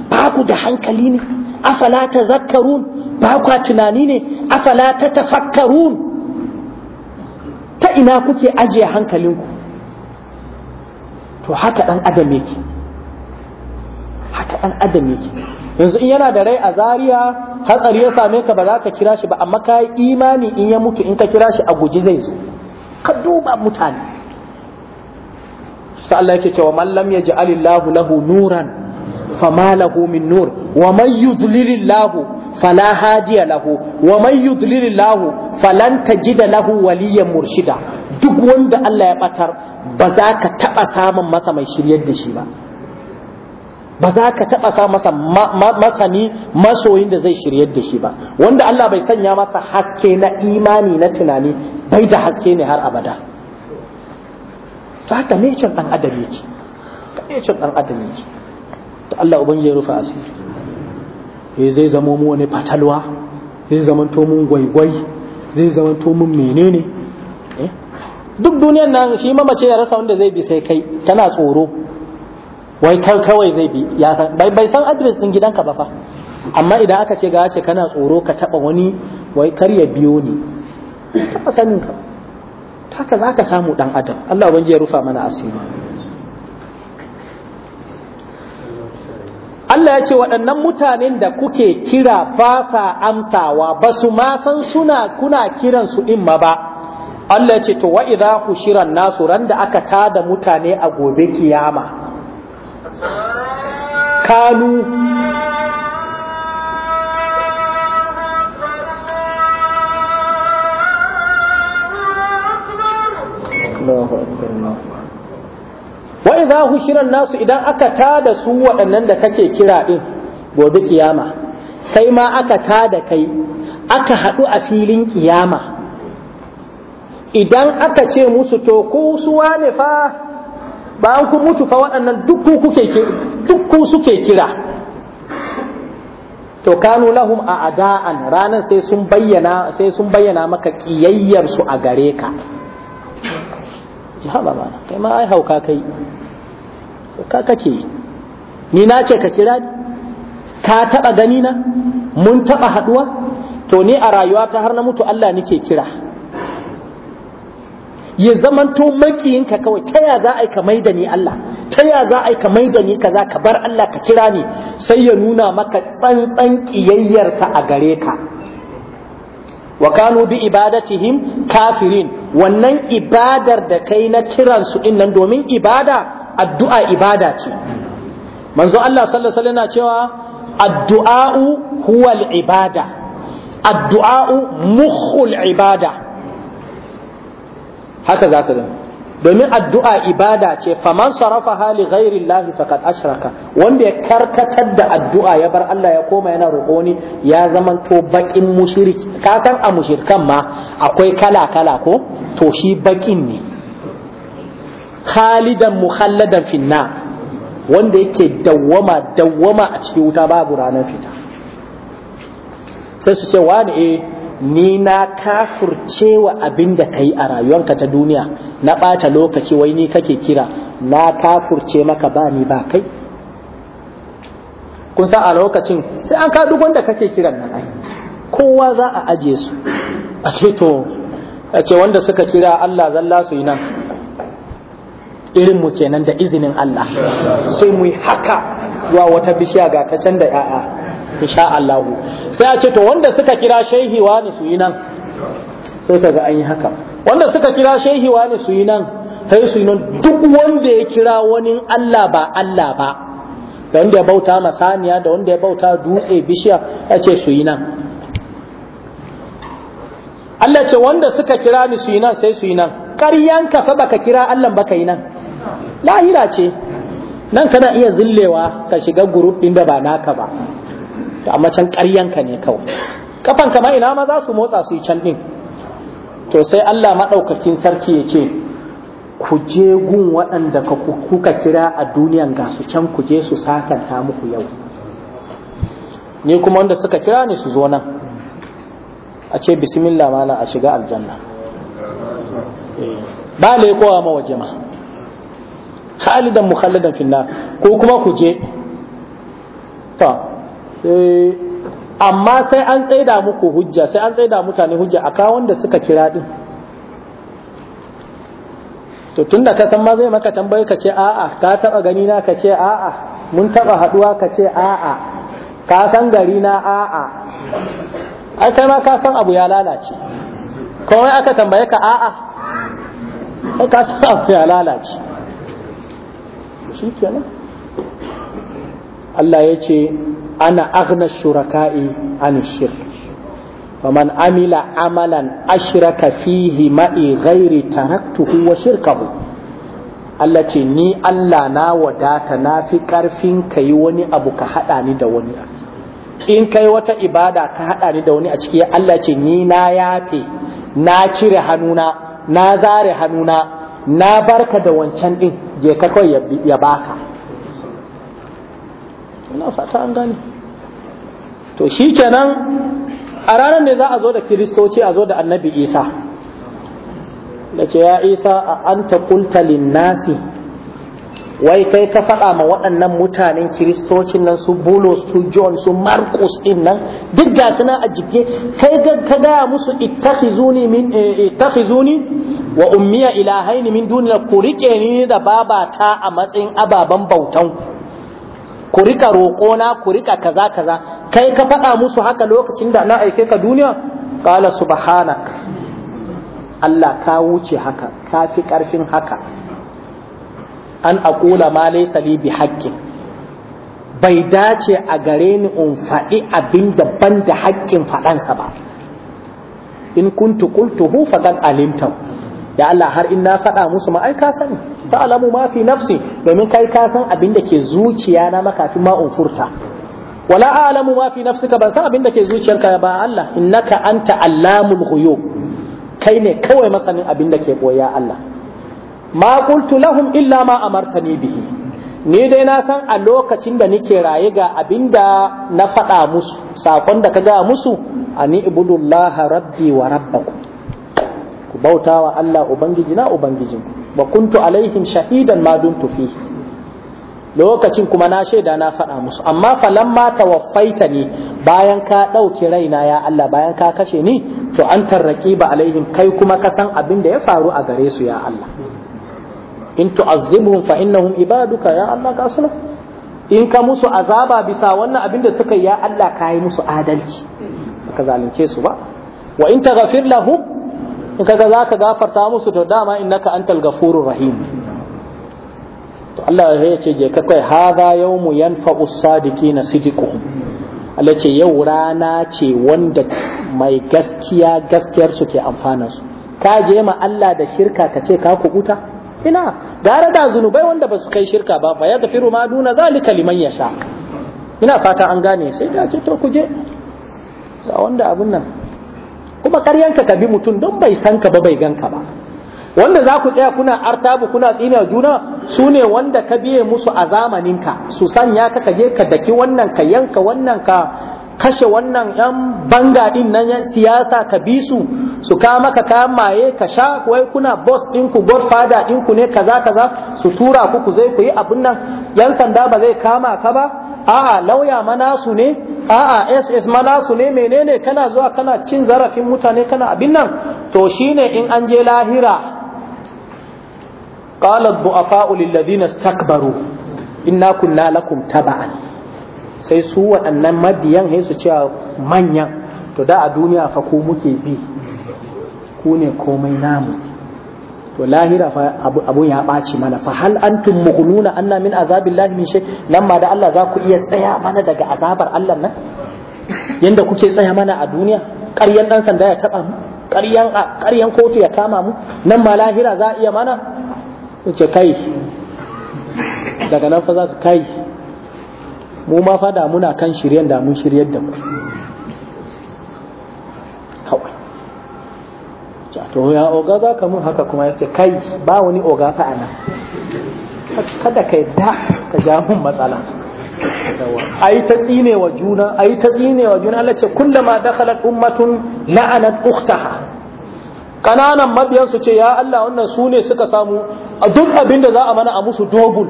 Speaker 1: ba ku da hankali ne afala ta zakkarun ba ku tunani ne afala ta tafakkarun ta ina kuke ajiye hankalinku to haka dan adam yake haka dan adam yake yanzu in yana da rai a Zariya. hatsari ya same ka ba za ka kira shi ba amma ka yi imani in ya mutu in ka kira shi a guji zai zo ka duba mutane sai Allah yake cewa man lam lahu nuran fama lahu min nur wa man fala hadiya lahu wa man yudlilillahu falan tajida lahu waliyan murshida duk wanda Allah ya batar ba za ka taba samun masa mai shiryar da shi ba ba za ka taɓa sa masa masani masoyin da zai shiryar da shi ba wanda Allah bai sanya masa haske na imani na tunani bai da haske ne har abada fata ne cin dan adam yake ne cin dan adam yake to Allah uban ya rufa asiri eh, zai zama mu wani fatalwa zai zama to mun gwaigwai zai zama to mun menene eh? duk duniyar nan shi mamace ya rasa wanda zai bi sai kai tana tsoro wai kawai zai bi ya san bai san address din gidanka ba fa amma idan aka ce ga ce kana tsoro ka taba wani wai kar ya biyo ni ka sanin ka haka za ka samu dan adam Allah ubangiji ya rufa mana asiri Allah ya ce waɗannan mutanen da kuke kira ba sa amsawa ba su ma san suna kuna kiran su din ma ba Allah ya ce to wa idza hushiran nasu randa aka tada mutane a gobe kiyama
Speaker 2: kanu
Speaker 1: wa idza hushira nasu idan aka tada su waɗannan da kake kira din gobe kiyama sai ma aka tada kai aka haɗu a filin kiyama idan aka ce musu to ku suwa ne fa ba an ku mutu fa waɗannan dukku kuke dukku suke kira to kanu lahum a ada'an ranar sai sun bayyana sai sun bayyana maka kiyayyar su a gare ka haba mana kai ma ai hauka kai ka kake ni na ce ka kira ni ka taba gani na mun taba haduwa to ni a rayuwa ta har na mutu Allah nike kira ya zamanto makiyinka kawai ta ya za a ka mai da ni Allah ta ya za a ka mai da ni kaza ka bar Allah ka kira ni sai ya nuna maka tsantsan kiyayyarsa a gare ka wa kanu bi ibadatihim kafirin wannan ibadar da kai na kiransu din nan domin ibada addu'a ibada ce manzo Allah sallallahu alaihi wasallam na cewa addu'a'u huwal ibada addu'a'u mukhul ibada haka za ka domin addu'a ibada ce faman sarrafa hali ghairi lahi faqad ashiraka wanda ya karkatar da addu'a ya bar Allah ya koma yana roƙo ni ya zama to baƙin mushrik ka san a mushirkan ma akwai kala kala ko to shi baƙin ne khalidan mukhalladan finna wanda yake dawwama dawwama a cikin wuta babu ranar fita sai su ce wani eh ni na kafurcewa abin da ka yi a rayuwarka ta duniya na ɓata lokaci wai ni kake kira na kafurce maka ba ni ba kai kun san a lokacin sai an ka duk wanda kake kiran nan ai kowa za a aje su a ce to a ce wanda suka kira Allah zalla su yi nan irin mu kenan da izinin Allah sai mu yi haka zuwa wata bishiya ga ta can da 'ya'ya insha Allah sai a ce to wanda suka kira shehi ne su yi nan sai kaga an yi haka wanda suka kira shehi ne su yi nan sai su yi nan duk wanda ya kira wani Allah ba Allah ba da wanda ya bauta masaniya da wanda ya bauta dutse bishiya ya ce su yi nan Allah ce wanda suka kira ni su yi nan sai su yi nan ƙaryan ka fa baka kira Allah baka yi nan lahira ce nan kana iya zillewa ka shiga guruf din da ba naka ba da amma can ƙaryanka ne kawai kafan kama ina ma za su motsa su yi can din to sai Allah maɗaukakin sarki ya ce ku je gun waɗanda kuka kira a duniyan ga su can ku je su sakanta muku yau ni kuma wanda suka kira ni su zo nan a ce bismillah mana a shiga aljanna eh. ba kowa ma waje ma khalidan mukhalladan finna ko kuma ku je ta Eh, amma sai an tsaida muku hujja sai an tsaida mutane hujja a kawon da suka kira din to da ka san ma zai maka tambayi ka ce a'a ka taba gani na ka ce a'a mun taba haduwa ka ce a'a ka san gari na a'a ai kai ma ka san abu ya lalace komai aka tambaye ka a'a
Speaker 2: ai ka san abu ya lalace
Speaker 1: shi kenan Allah ya ce ana aghna shuraka'i an shirk faman amila amalan ashraka fihi ma'i ghairi taraktuhu wa shirkahu Allah ce ni Allah na wadata na fi karfin ka yi wani abu ka hada ni da wani in kai wata ibada ka haɗa ni da wani a ciki Allah ce ni na yafe na cire hannuna na zare hannuna na barka da wancan ɗin je kawai ya baka ina fata an gane to shi kenan a ranar ne za a zo da kiristoci a zo da annabi isa da ce ya isa a an ta kulta linnasi wai kai ka faɗa ma waɗannan mutanen kiristocin nan su bulos su john su markus din nan duk ga suna a jike kai ka gaya musu ittakhizuni min eh, ittakhizuni wa ummiya ilahaini min duniya ku rike ni da babata a matsayin ababen ku ku rika roƙona ku rika kaza kaza kai ka faɗa musu haka lokacin da na aike ka duniya qala subhanak Allah ka wuce haka ka fi ƙarfin haka an aƙula ma laysa li bi haqqin bai dace a gare ni in faɗi abin da ban da haƙƙin faɗansa ba in kuntu qultuhu faqad alimta ya Allah har in na faɗa musu ma ai ka sani ta'lamu ma fi nafsi domin kai ka san abin da ke zuciya na makafin ma furta wala a'lamu ma fi nafsika ban san abin da ke zuciyarka ba Allah innaka anta allamul ghuyub kai ne kawai masanin abin da ke boya Allah ma qultu lahum illa ma amartani bihi ni dai na san a lokacin da nike raye ga abin da na faɗa musu sakon da ka ga musu ani ibudullah rabbi wa rabbakum ku bauta wa Allah ubangiji na ubangijinku wa kuntu alaihim shahidan ma dumtu fi lokacin kuma na shaida na faɗa musu amma falamma tawaffaita ne bayan ka ɗauki raina ya Allah bayan ka kashe ni to an tarraki ba alaihim kai kuma ka san abin da ya faru a gare su ya Allah in tu'azzibhum fa innahum ibaduka ya Allah ka suna in ka musu azaba bisa wannan abin da suka yi ya Allah ka yi musu adalci ka zalunce su ba wa in taghfir lahum in kaga za ka gafarta musu to dama innaka antal ghafurur rahim to Allah ya ce je ka kai hadha yawmu yanfa'u sadiqina sidquhum Allah ce yau rana ce wanda mai gaskiya gaskiyar su ke amfana su ka je ma Allah da shirka ka ce ka kubuta ina gara da zunubai wanda ba su kai shirka ba fa ya gafiru ma duna zalika liman yasha ina fata an gane sai da ce to ku je ga wanda abun nan kuma karyanka ka bi mutum don bai san ka ba bai ganka ba wanda za ku tsaya kuna artabu kuna tsina juna su ne wanda ka biye musu a zamaninka su sanya ka je ka daki wannan ka yanka wannan ka kashe wannan yan banga din nan siyasa ka bi su su ka maka kayan maye ka sha wai kuna boss dinku godfather dinku ne kaza kaza su tura ku ku zai ku yi abin nan yan sanda ba zai kama ka ba a'a lauya manasu ne a'a ss manasu ne menene kana zuwa kana cin zarafin mutane kana abin nan to shine in an je lahira qala ad-du'afa'u lil ladina istakbaru inna kunna lakum taba'an sai su waɗannan mabiyan sai su cewa manyan to da a duniya fa ko muke bi ku ne komai namu to lahira fa abun ya ɓaci mana fa hal antum nuna anna min azabillahi min shay nan ma da Allah za ku iya tsaya mana daga azabar Allah nan yanda kuke tsaya mana a duniya ƙaryan dan sanda ya taba mu ƙaryan ƙaryan kotu ya kama mu nan ma lahira za iya mana ce kai daga nan fa za su kai mu ma fa da muna kan shiryen da mun shiryar da ku to ya oga za ka mun haka kuma ya ce kai ba wani oga ka Ka kada ka da ka ja mun matsala ai ta tsine wa juna ai ta tsine wa juna Allah ce kullama dakhalat ummatun la'anat ukhtaha kananan mabiyan su ce ya Allah wannan su ne suka samu duk abin da za a mana a musu dogul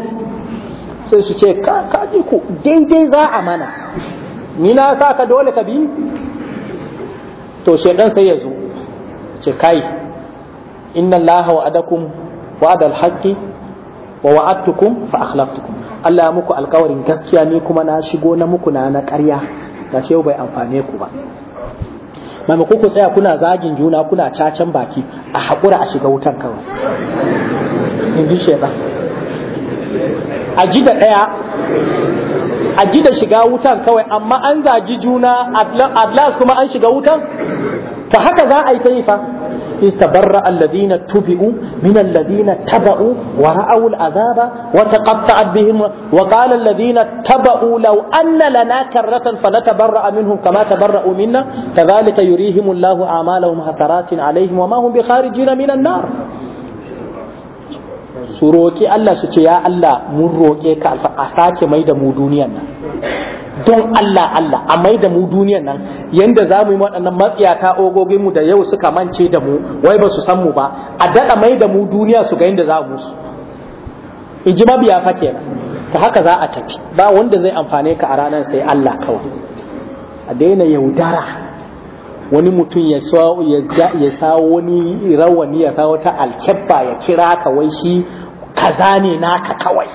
Speaker 1: sai su ce ka ji ku daidai za a mana ni na sa ka dole ka bi to shedan sai ya zo ce kai inna allaha wa'adakum wa'adal haqqi wa wa'adtukum fa akhlaftukum Allah ya muku alkawarin gaskiya ni kuma na shigo na muku na na ƙarya ga yau bai amfane ku ba maimako ku tsaya kuna zagin juna kuna cacan baki a haƙura a shiga wutar kawai in ji shaitan a ji da ɗaya a ji da shiga wutan kawai amma an zaji juna atlas kuma an shiga wutan ta haka za a yi ta yi fa istabarra alladhina tubi'u min alladhina taba'u wa ra'aw al'azaba wa taqatta'at bihim wa qala alladhina taba'u law anna lana karratan falatabarra minhum kama tabarra'u minna kadhalika yurihim Allahu a'malahum hasaratin alayhim wa ma hum bikharijina min an-nar su roƙi Allah su ce ya Allah mun roƙe ka a sake mai da mu duniyan nan don Allah Allah a mai da mu duniyan nan yanda za mu yi waɗannan matsiyata ogogin mu da yau suka mance da mu wai ba su san mu ba a daɗa mai da mu duniya su ga yanda za mu su in ji mabiya fa kenan ta haka za a tafi ba wanda zai amfane ka a ranar sai Allah kawai a daina yaudara wani mutum ya sa wani rawani ya sa wata alkyabba ya kira ka wai shi kaza ne naka kawai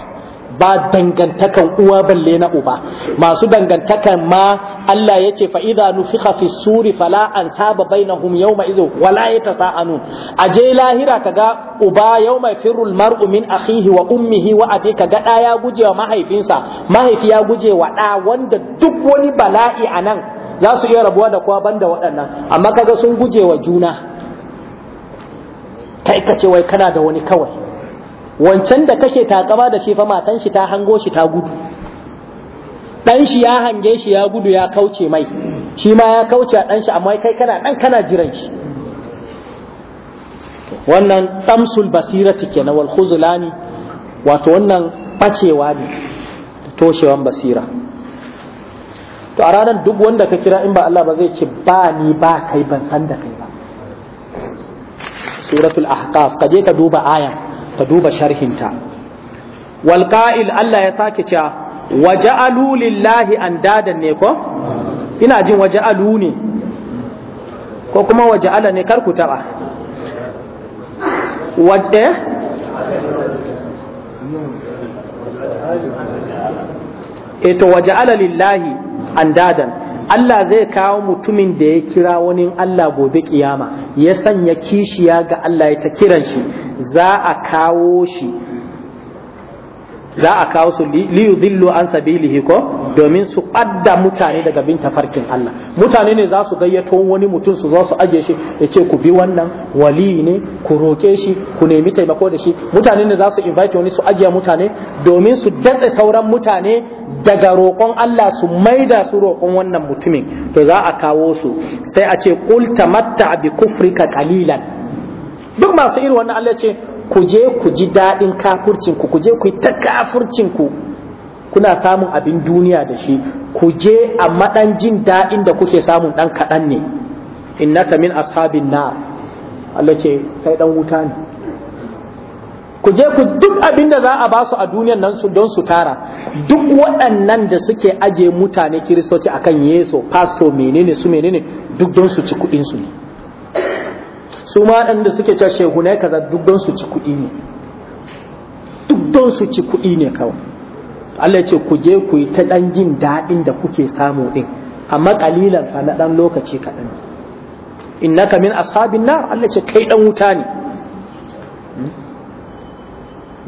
Speaker 1: ba dangantakan uwa balle na uba masu dangantakan ma Allah ya ce fa'iza nufika fi suri fala an saba hum yau mai izo wala ya ta anu. a je lahira ka ga uba yau mai firul marumin akihi akhihi wa ummihi wa abi ka ga ɗaya guje wa mahaifinsa mahaifi ya guje wa ɗa wanda duk wani bala'i a nan za su iya rabuwa da kowa banda waɗannan amma kaga sun guje wa juna kai ka ce wai kana da wani kawai wancan da kake takama da shi fa matan shi ta hango shi ta gudu dan shi ya hange shi ya gudu ya kauce mai shi ma ya kauce a dan shi amma kai kana dan kana jiran shi wannan tamsul basirati kenan wal khuzlani wato wannan bacewa ne toshewan basira to a ranar duk wanda ka kira in ba Allah ba zai ce ba ni ba kai ban san da kai ba suratul ahqaf ka je ka duba ayan ka duba sharhinta wal qa'il Allah ya sake cewa waja'alu lillahi andadan ne ko ina jin waja'alu ne ko kuma waja'ala ne kar ku taba waje eto eh? eh, waja'ala lillahi andadan Allah zai kawo mutumin da ya kira wani Allah gobe kiyama ya sanya kishiya ga Allah ya ta kiran shi za a kawo shi za a kawo su liyu zillu an sabilihi ko domin su ɓadda mutane daga bin tafarkin Allah mutane ne za su gayyato wani mutum su zo su aje shi ya ce ku bi wannan wali ne ku roke shi ku nemi taimako da shi mutane ne za su invite wani su ajiye mutane domin su datse sauran mutane daga roƙon Allah su maida su roƙon wannan mutumin to za a kawo su sai a ce qul tamatta bi kufrika kalilan. duk masu irin wannan Allah ce ku je ku ji daɗin kafurcin ku ku je ku yi ta kafurcin ku kuna samun abin duniya da shi ku je a madan jin daɗin da kuke samun ɗan kaɗan ne innaka min ashabin na Allah ce kai ɗan wuta ne ku je ku duk abin da za a ba su a duniyan nan su don su tara duk waɗannan da suke aje mutane kiristoci akan yeso pastor menene su menene duk don su ci kuɗinsu? ne su ma ɗan da suke cewa ne, kaza duk don ci kuɗi ne duk ci kuɗi ne kawai Allah ce ku je ku yi ta ɗan jin daɗin da kuke samu ɗin amma ƙalilan fa na ɗan lokaci kaɗan innaka min ashabin nar Allah ce kai ɗan wuta ne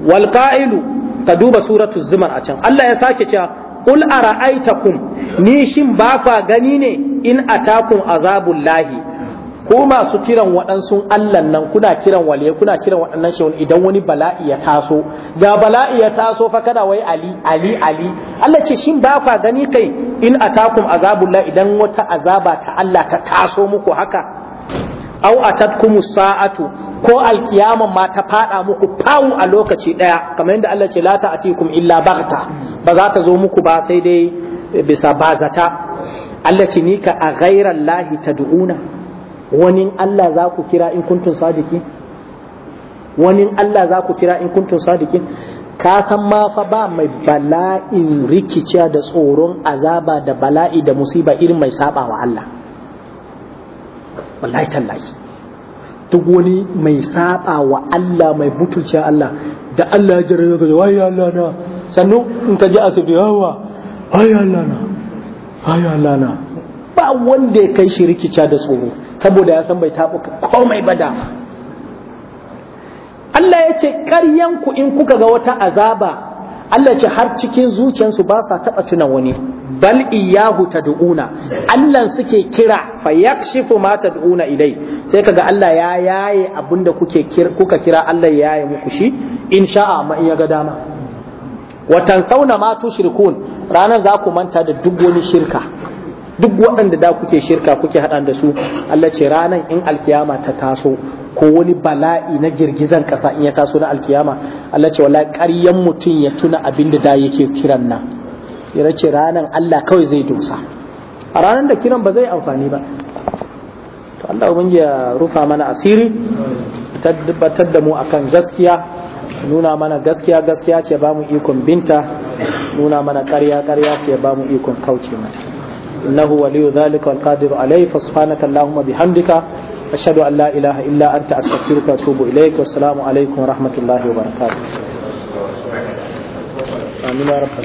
Speaker 1: wal qa'ilu ka duba suratul zumar a can Allah ya sake cewa Kul ara'aitakum ni shin ba gani ne in a atakum lahi. ko masu kiran waɗansu allan nan kuna kiran waliye kuna kiran waɗannan shehun idan wani bala'i ya taso ga bala'i ya taso fa kada wai ali ali ali Allah ce shin ba kwa gani kai in atakum azabullah idan wata azaba ta Allah ta taso muku haka au atatkum sa'atu ko alkiyama ma ta fada muku fawu a lokaci daya kamar yadda Allah ce la ta'atikum illa baghta ba za ta zo muku ba sai dai bisa bazata Allah ce ni ka a ghairallahi lahi ta du'una wani Allah za ku kira in kuntun sadiki wani Allah za ku kira in kuntun sadiki ka san ma fa ba mai bala'in rikiciya da tsoron azaba da bala'i da musiba irin mai saba wa Allah wallahi tallahi duk wani mai saba wa Allah mai butulciya Allah da Allah ya jira ga wai Allah na sannu in ka ji asibi yawa ya Allah na ya Allah na ba wanda ya kai shi rikica da tsoro saboda ya san bai taɓa komai ba da Allah ya ce ku in kuka ga wata azaba Allah ce har cikin zuciyarsu ba sa taɓa tuna wani bal iyahu tad'una Allah suke kira fa yakshifu ma tad'una idai sai kaga Allah ya yaye abinda kuke kuka kira Allah ya yaye muku shi insha amma in ya ga dama Watan Sauna ma tushrikun ranan za ku manta da duk wani shirka duk waɗanda da kuke shirka kuke haɗa da su Allah ce ranan in alkiyama ta taso ko wani bala'i na girgizan ƙasa in ya taso na alkiyama Allah ce wallahi ƙaryan mutum ya tuna abin da da yake kiran nan ya ce ranan Allah kawai zai dosa a ranar da kiran ba zai amfani ba to Allah ubangi ya rufa mana asiri tabbatar da mu akan gaskiya nuna mana gaskiya gaskiya ce ba mu ikon binta nuna mana ƙarya ƙarya ce ba mu ikon kauce mata innahu waliyu dhalika wal qadiru alayhi fa subhanaka allahumma bihamdika ashhadu an la ilaha illa anta astaghfiruka wa atubu ilaik wa assalamu wa rahmatullahi
Speaker 2: wa